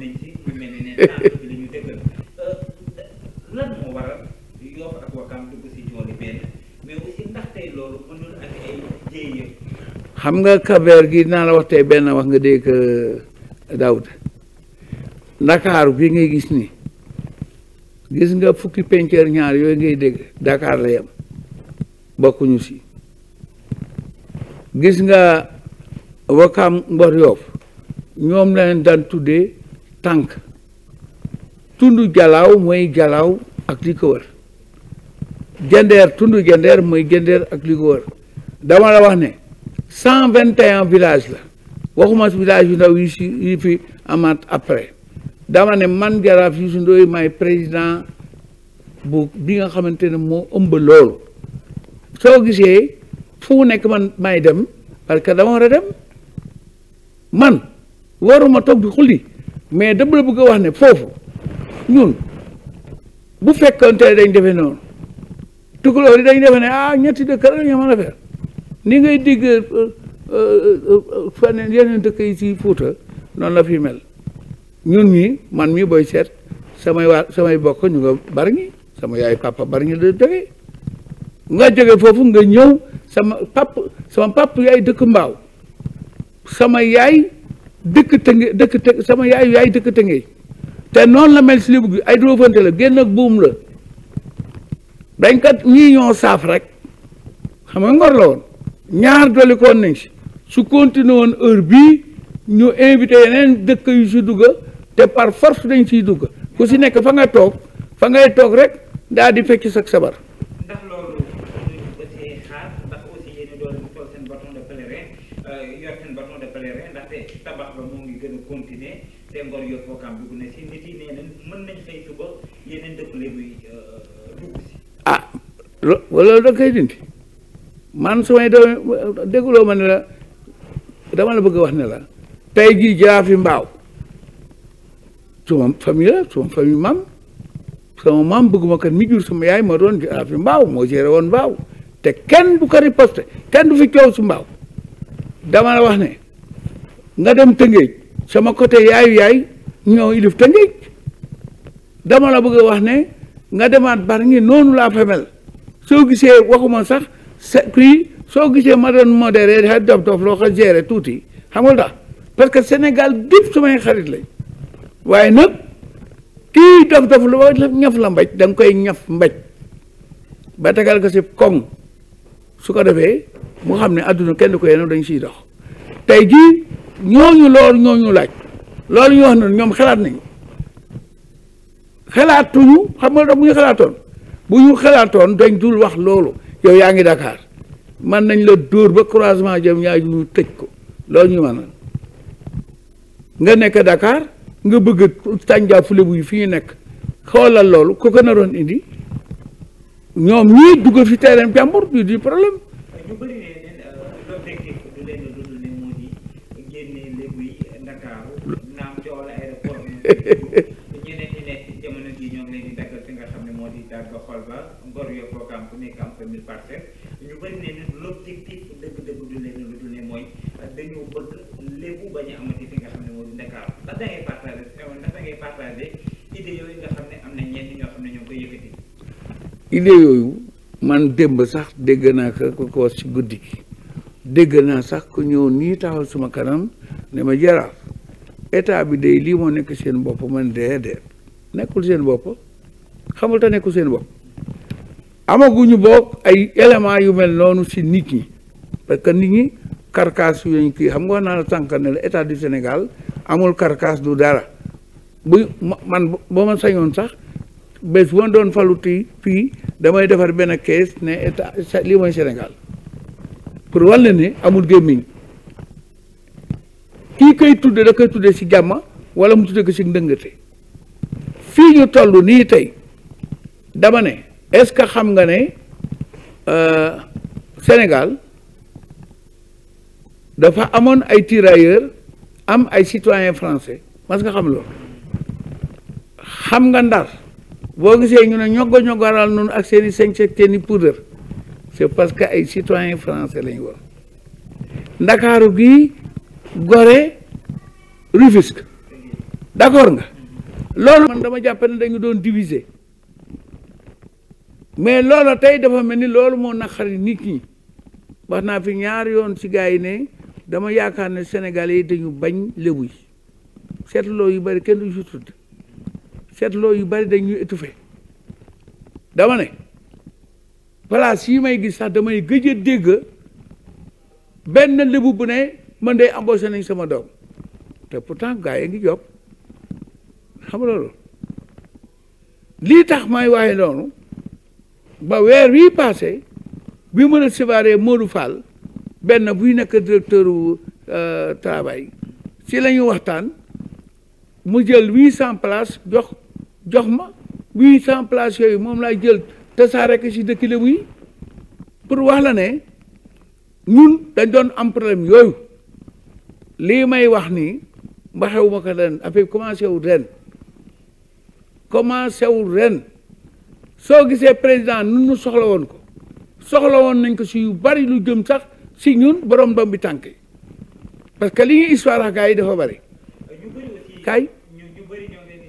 nañ ah euh, nga kabeer gi naa la wax benn wax nga dégg ndakaaru euh, bi ngay gis ni gis nga fukki penceer ñaar yooyu ngay dégg Dakar la yem bokkuñu si gis nga Ouakam Ngor Yoff ñoom la daan tuddee tànk tundu jalaaw mooy jalaaw ak li ko wër gendeer tundu gendeer mooy gendeer ak li ko wër dama la wax ne cent vingt et un village la waxuma village yu ndaw yi si yi fi amaat après dama ne man jaraaf Youssou Ndoye may président bu bi nga xamante ne moo ëmb loolu soo gisee fu nekk man may dem parce que dama war a dem man waruma toog di xulli mais dama la bëgg a wax ne foofu ñun bu fekkonte dañ defee noonu tukulóor yi dañ defee ne ah ñetti dëkk la ñu mën a fer ni ngay digg euh, euh, euh, feneen yeneen dëkk yi si Fuuta noonu la fi mel ñun ñi man mii booy seet samay waa samay bokk ñu nga Bargny sama yaay papa Bargny la jógee nga jógee foofu nga ñëw sama pap sama pap yaay dëkk mbaaw sama yaay dëkk tënge dëkk të sama yaay yaay dëkk tënge te noonu la mel si libu gi ay dóofante génn ak buum la dañ kat ñii ñoo saaf rek xam nga ngor la woon ñaar dolli koon nañ si su continué woon heure bii ñu invité yeneen dëkk yu si dugga te par force dañ siy dugg ku si nekk fa nga toog fa ngay toog rek daal di fekk sa sabar aussi xaar ndax aussi euh, euh, ah loolu da dindi man su doom dégguloo ma ne la dama la bëgg wax ne la tey jii jaafi mbaaw suma famille la suma famille maam sama maam bëgguma kat mi jur sama yaay ma doon jaafi ah, mbaaw moo géré woon mbaaw te kenn du ko riposte kenn du fi coow su mbaaw dama la wax ne nga dem tëngéej sama côté yaayu yaay ñoo ilif tëngéej dama la bëgg wax ne nga demaat bar ngi noonu laa fa mel soo gisee waxuma sax sa soo gisee ma doon modéré dafa dof dof tuuti xam nga parce que Sénégal gépp sumay xarit lañ waaye nag kii dof dof lu ba ñaf la mbaj danga koy ñaf mbaj ba tegal ko si koŋ su ko defee mu xam ne àdduna kenn ko yéen dañ siy dox tey jii ñooñu loolu ñooñu laaj loolu ñu wax ne ñoom xalaat nañu xalaatuñu xam nga bu ñu xalaatoon bu ñu xalaatoon dañ wax loolu yow yaa ngi Dakar man nañ la dóor ba croisement jëm ñaar ñu tëj ko loolu ñu na nga nekk dakaar nga bëgg tànjaa fule bu fi ñu nekk xoolal loolu ku a naroon indi. ñoom ñii dugg fi terrain jàmbur du di problème. ñu bëri ne euh, l'objectif du leen lu dul ne moo di génne jii ñoo ngi nga xam ne moo di dagg xol ba ngor yo programme bu nekk am fa mille parcelles ñu bëri ne l'objectif ne mooy dañoo bëgg bañ a amati fi nga xam ne moo di Ndakaaru ndax da ngay partagé ndax da ngay idée yooyu nga ide yoyu man démb sax dégg ka ko ko ci guddi gi sax ko ñoo ni taxal suma kanam ne ma jara état bi day li mo nek seen bop man déedéet nekul seen bop xamul ta nekul seen amagu ñu bok ay éléments yu mel nonu ci nit ñi parce que nit ñi carcasse yooyu xam nga na la du Sénégal amul carcasse du dara bu man bo ma sañon sax bés bu ma doon faluti fii damay defar benn kees ne état lii mooy Sénégal pour wàll ne amul gémmiñ kii koy tudde da koy tudde si jàmm wala mu tudde ko si ndëngate fii ñu toll nii tey dama ne est-ce que xam nga ne euh, Sénégal dafa amoon ay tirailleurs am ay citoyens français parce que xam loolu xam nga ndar boo gisee ñu ne ñoggo ñoggoral noonu ak seeni i sañse ak seen i c'est parce que ay citoyen français lañu woon ndakaaru gii Gorée Rufisque d'accord nga loolu man dama jàpp ne dañu doon diviser mais loolu tey dafa mel ni loolu moo naqari nit ñi wax naa fi ñaari yoon si gars yi ne dama yaakaar ne Sénégalais yi dañu bañ lébu yi seetlu loolu yu bari kenn du si seetloo yu bari dañ ñuy étouffé dama ne place yi may gis sax damay gëj a dégg benn lébu bu ne man day embauché nañ sama doom te pourtant gars yi ngi job xam loolu lii tax may waaye noonu ba weer wii passé bi mën a séparé Modou Fall benn buy nekk directeur euh, travail si la waxtaan mu jël huit cent places jox jox ma huit cent places yooyu moom laay jël te tasaare ko si dëkk Lebu yi pour wax la ne ñun dañ doon am problème yooyu lii may wax nii ba ma ko ren affaire commencé wul ren commencé wul ren soo gisee président nun nu soxla woon ko soxla woon nañ ko si yu bari lu jëm sax si ñun borom doom bi tànk parce que li ñuy histoire ak yi dafa bari kaay. ñu ñu bëri ñoo ngi leen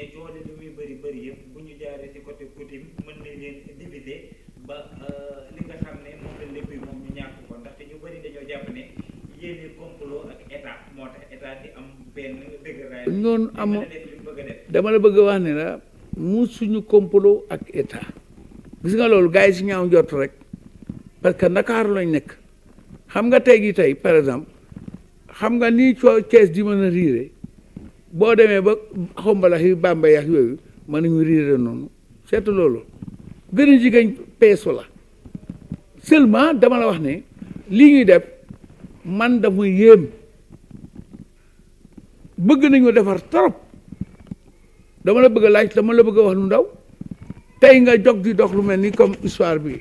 di yëpp bu ñu jaaree ci côté coutume mën nañ leen diviser ba euh, li nga xam ne moom la lépp moom ñu ñàkk ko ndaxte ñu bëri dañoo jàpp ne yéene complot dama la bëgg a wax ne la mu suñu complot ak état gis nga loolu gars yi si ñaaw njott rek parce que Ndakaaru lañ nekk xam nga tey gi tey par exemple. xam nga ni coo Cees di mën a riire boo demee ba xombalax yi Bàmba yax yooyu mën nañu riire noonu seetu loolu gën a jigéen peesu la seulement dama la wax ne lii ñuy def man dama yéem bëgg nañu defar trop dama la bëgg a laaj dama la bëgg a wax lu ndaw tey nga jog di dox lu mel ni comme histoire bi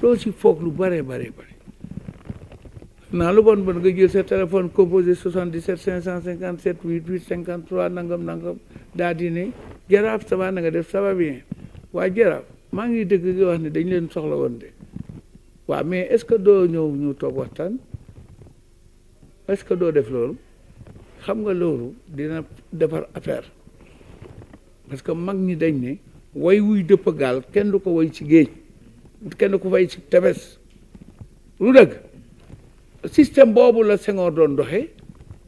loolu si foog lu bare bare bare na lu bon bon nga jël sa téléphone composé 77 557 88 53 nangam nangam da di ne jaraaf ça va na nga def ça va bien waa jaraaf ma ngi dëgg nga wax ne dañ leen soxla woon de waaw mais est ce que doo ñëw ñu toog waxtaan est ce que doo def loolu xam nga loolu dina defar affaire parce que mag ñi dañ ne way wuy dëpp gaal kenn du ko way ci géej kenn du ko ci lu système boobu la Senghor doon doxe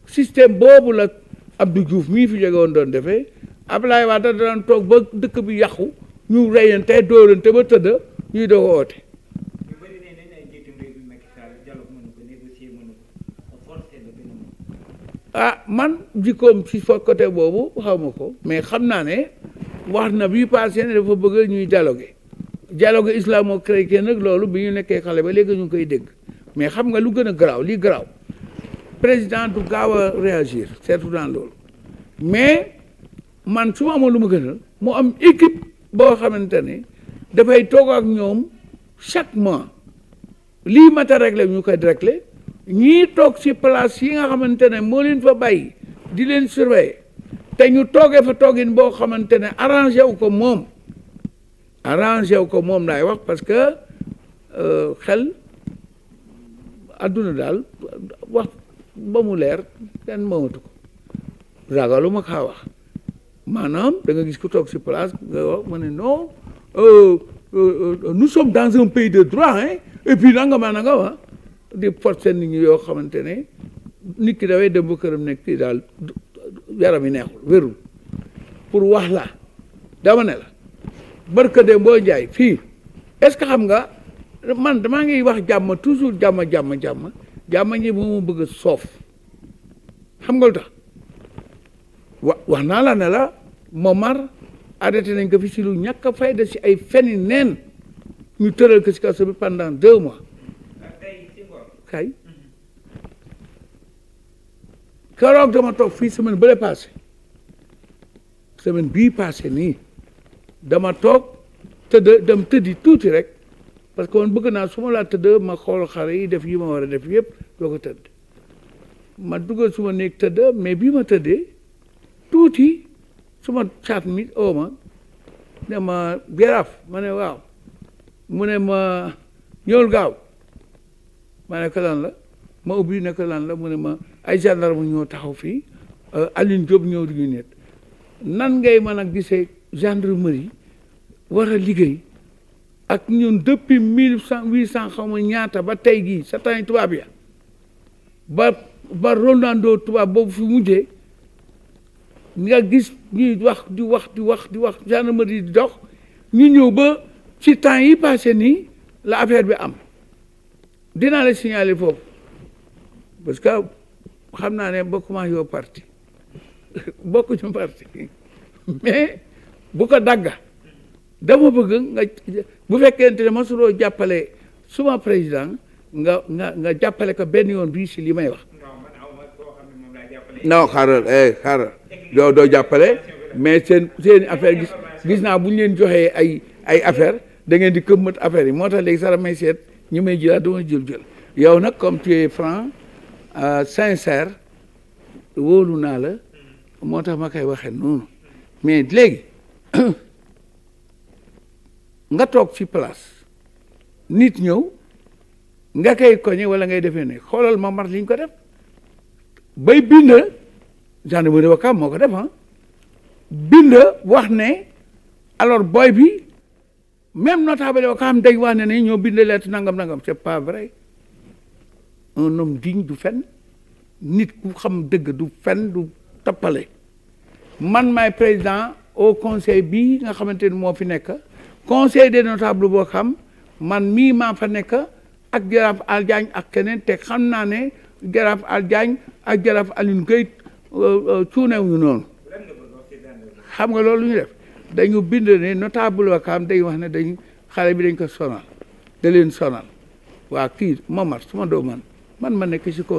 système boobu la Abdou juuf mii fi jóge woon doon defee Ablaye Wade daan toog ba dëkk bi yàqu ñu te dóorante ba tëdd ñuy doog a ah man jikkoom ci fa côté boobu xaw ma ko mais xam naa ne wax na bi passé ne dafa bëgg ñuy dialogue dialogue islamo-chrétien nag loolu bi ñu nekkee xale ba léegi ñu ngi koy dégg mais xam nga lu gën a garaaw lii garaaw président du gaaw a réagir seetu dans loolu mais man su ma lu ma gënal mu am équipe boo xamante ne dafay toog ak ñoom chaque mois lii mat a réglé ñu koy réglé ñii toog si place yi nga xamante ne moo leen fa bàyyi di leen surveiller te ñu toogee fa toogin boo xamante ne arrangé wu ko moom arrangé wu ko moom laay wax parce que euh, xel. àdduna daal wax ba mu leer kenn moomatu ko ragalu ma kaa wax maanaam da nga gis ku toog si place nga wax ma ne non euh, euh, nous sommes dans un pays de droit hein et puis nanga maa nanga wax ah. di forcer nit ñi yoo xamante ne nit ki daway dem këram nekk kii daal yaram yi neexul wérul pour wax la damane ne la barka dem boo jaay fii est-ce que xam nga man dama ngay wax jamm toujours jamm jamm jamm jamm ñi moo bëgg sof xam nga lu tax wax na la ne la Momar arrêté nañ ko fi ci lu ñak fayda ci ay feni neen ñu teural ko ci kaso bi pendant deux mois kay karok dama tok fi semaine bële passé semaine bi passé ni dama tok te dem di tuuti rek parce que man bëgg naa su ma laa tëdd ma xool xare yi def yi ma war a def yëpp doo ko tëdd ma duggal su ma néeg tëdd mais bii ma tëddee tuuti su ma caat mi oo ma ma Jaraaf ma ne waaw mu ne ma ñëwul gaaw ma ne ko la ma ubbi ne ko lan la mu ne ma ay gendarme ñoo taxaw fii euh, Aline Diop ñoo du ñu nan ngay man a gisee gendarmerie war a liggéey ak ñun depuis mille huit cent xaw ma ñaata ba tey gii sa temps tubaab ya ba ba Ronaldo tubaab boobu fi mujjee nga gis ñuy wax di wax di wax di wax ma di dox ñu ñëw ba ci temps yi passé nii la affaire bi am dinaa la signaler foofu parce que xam naa ne bokkuma yow parti bokkuñu parti mais bu ko dagga dama bëgg nga bu fekkente ne masuloo jàppale suma président nga nga nga jàppale ko benn yoon bii si li may wax. non xaaral eh xaaral doo doo jàppale mais seen seen affaire gis gis naa bu ñu leen joxee ay ay affaire da ngeen di këmmat affaire yi moo tax léegi sax may seet ñi may jëlaat dama jël jël yow nag comme tu es franc euh, sincère wóolu naa la mm. moo tax ma koy waxee noonu mais léegi. nga toog ci place nit ñëw nga koy koñe walla ngay defee ne xoolal ma mar li ko def bay bind gendarmerie Wakaam moo ko def ah bind wax ne alors booy bi même notable Wakaam dañ wax ne ne ñoo bind lettre nangam nangam c'est pas vrai un homme du fen nit ku xam dëgg du fen du tappale man maay président au conseil bi nga xamante ni moo fi nekk conseil des notables boo xam man mii maa fa nekk ak jaraaf Aldiagne ak keneen te xam naa ne jaraaf Aldiagne ak jaraaf Alioune Guèye euh, euh, cuunewuñu noonu xam nga loolu ñu def dañu bind ne notable boo kam dañu wax ne dañ xale bi dañ ko sonal da leen sonal waa kii Momar su ma doo man man ma nekk si ko